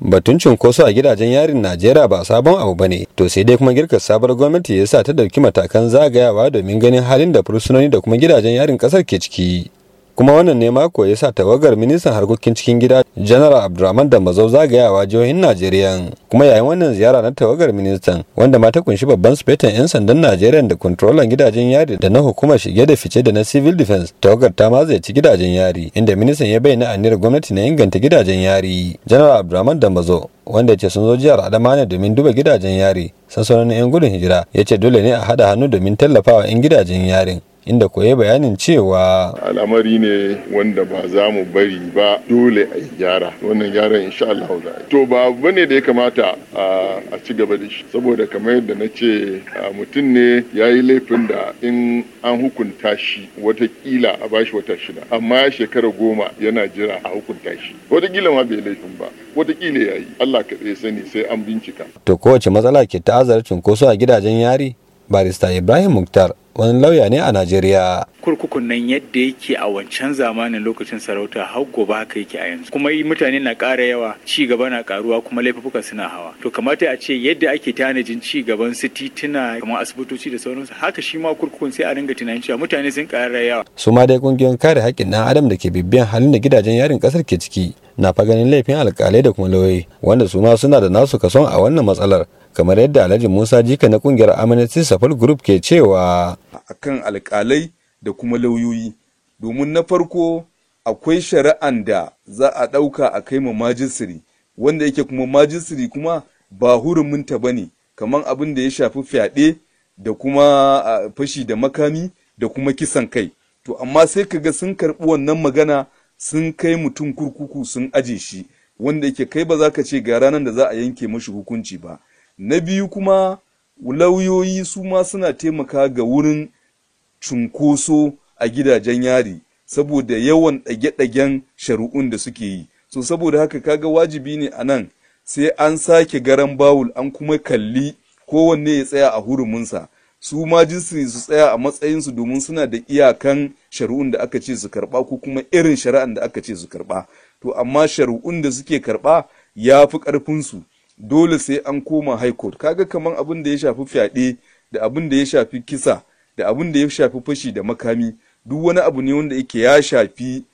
batun cunkoso a gidajen yarin najeriya ba sabon abu ba ne to sai dai kuma girka sabuwar gwamnati ya sa ta ɗauki matakan zagayawa domin ganin halin da fursunoni da kuma gidajen yarin ƙasar ke ciki kuma wannan ne mako ya sa tawagar ministan harkokin cikin gida general abdulrahman da mazau zagayawa jihohin najeriya kuma yayin wannan ziyara na tawagar ministan wanda ma ta kunshi babban sufetan yan sandan najeriya da kontrolan gidajen yari da na hukumar shige da fice da na civil defense tawagar ta ma zai ci gidajen yari inda ministan ya bayyana aniyar gwamnati na inganta gidajen yari general abdulrahman da mazo wanda ce sun zo jihar adamawa domin duba gidajen yari sansanonin 'yan gudun hijira ya ce dole ne a haɗa hannu domin tallafawa 'yan gidajen yarin inda ya bayanin cewa al'amari ne wanda ba za mu bari ba dole a yi gyara wannan gyaran insha Allah za a to ba bane da ya kamata a ci gaba da shi saboda kamar yadda na ce mutum ne ya yi laifin da in an hukunta shi watakila a bashi wata shida amma ya shekara goma yana jira a hukunta shi watakila ma bai laifin ba watakila ya yi Allah kaɗai sani sai an bincika to kowace matsala ke ta ta'azar cunkoso a gidajen yari barista ibrahim muktar wani lauya ne a Najeriya. Kurkukun nan yadda yake a wancan zamanin lokacin sarauta har gobe haka yake a yanzu. Kuma mutane na ƙara yawa, ci gaba na ƙaruwa kuma laifuka suna hawa. To kamata a ce yadda ake tanajin ci gaban su tituna kamar asibitoci da sauransu haka shi ma kurkukun sai a dinga tunanin cewa mutane sun ƙara yawa. Su ma dai kungiyoyin kare haƙƙin ɗan adam da ke bibiyan halin da gidajen yarin ƙasar ke ciki na fa ganin laifin alƙalai da kuma lauyoyi wanda su ma suna da nasu kason a wannan matsalar kamar yadda alhaji musa jika na kungiyar amnesty safar group ke cewa akan alkalai da kuma lauyoyi domin na farko akwai shari'an da za a ɗauka a kai ma majisiri wanda yake kuma majisiri kuma ba huruminta ba ne kamar abin da ya shafi fyaɗe da kuma fashi da makami da kuma kisan kai to amma sai ka ga sun karɓi wannan magana sun kai mutum kurkuku sun aje shi wanda yake kai ba za ka ce ga ranar da za a yanke mashi hukunci ba na biyu kuma lauyoyi su ma suna taimaka ga wurin cunkoso a gidajen yari saboda yawan ɗage-ɗagen shari'un da suke yi so saboda haka kaga wajibi ne a nan sai an sake garan bawul an kuma kalli kowanne ya tsaya a huruminsa su ma jinsi su tsaya a matsayinsu domin suna da iyakan shari'un da aka ce su karba ko kuma irin shari'an da aka ce su karɓa. to amma shari'un da suke karɓa ya fi ƙarfinsu dole sai an koma high court kaga kaman abin da ya shafi fyaɗe da abin da ya shafi kisa da abin da ya shafi fashi da makami duk wani abu ne wanda yake ya shafi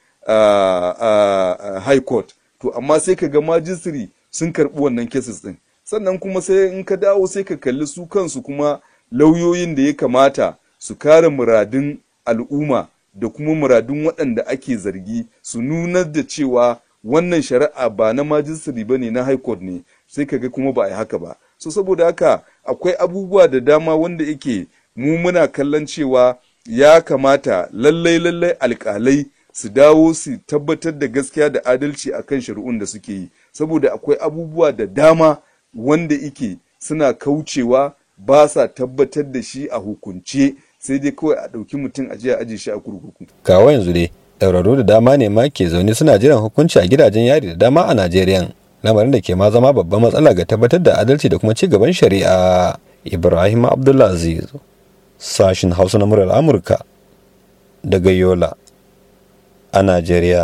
high court to amma sai ka ga majistri sun karɓi wannan cases ɗin sannan kuma sai in ka dawo sai ka kalli su kansu kuma lauyoyin da ya kamata su kare muradun al'umma da kuma muradun waɗanda ake zargi su nunar da cewa wannan shari'a ba na majistri ba ne na high court ne sai kaga kuma ba a yi haka ba so saboda haka akwai abubuwa da dama wanda yake mu muna kallon cewa ya kamata lallai lallai alkalai su dawo su tabbatar da gaskiya da adalci a kan shari'un da suke yi saboda akwai abubuwa da dama wanda ike suna kaucewa ba sa tabbatar da shi a hukunce sai dai kawai a ɗauki mutum a je a aje shi a kurkuku. Kawo yanzu dai ɗauraru da dama ne ma ke zaune suna jiran hukunci a gidajen yari da dama a najeriya lamarin da ke ma zama babban matsala ga tabbatar da adalci da kuma ci gaban shari'a ibrahim abdulaziz sashin hausa na murar amurka daga yola a najeriya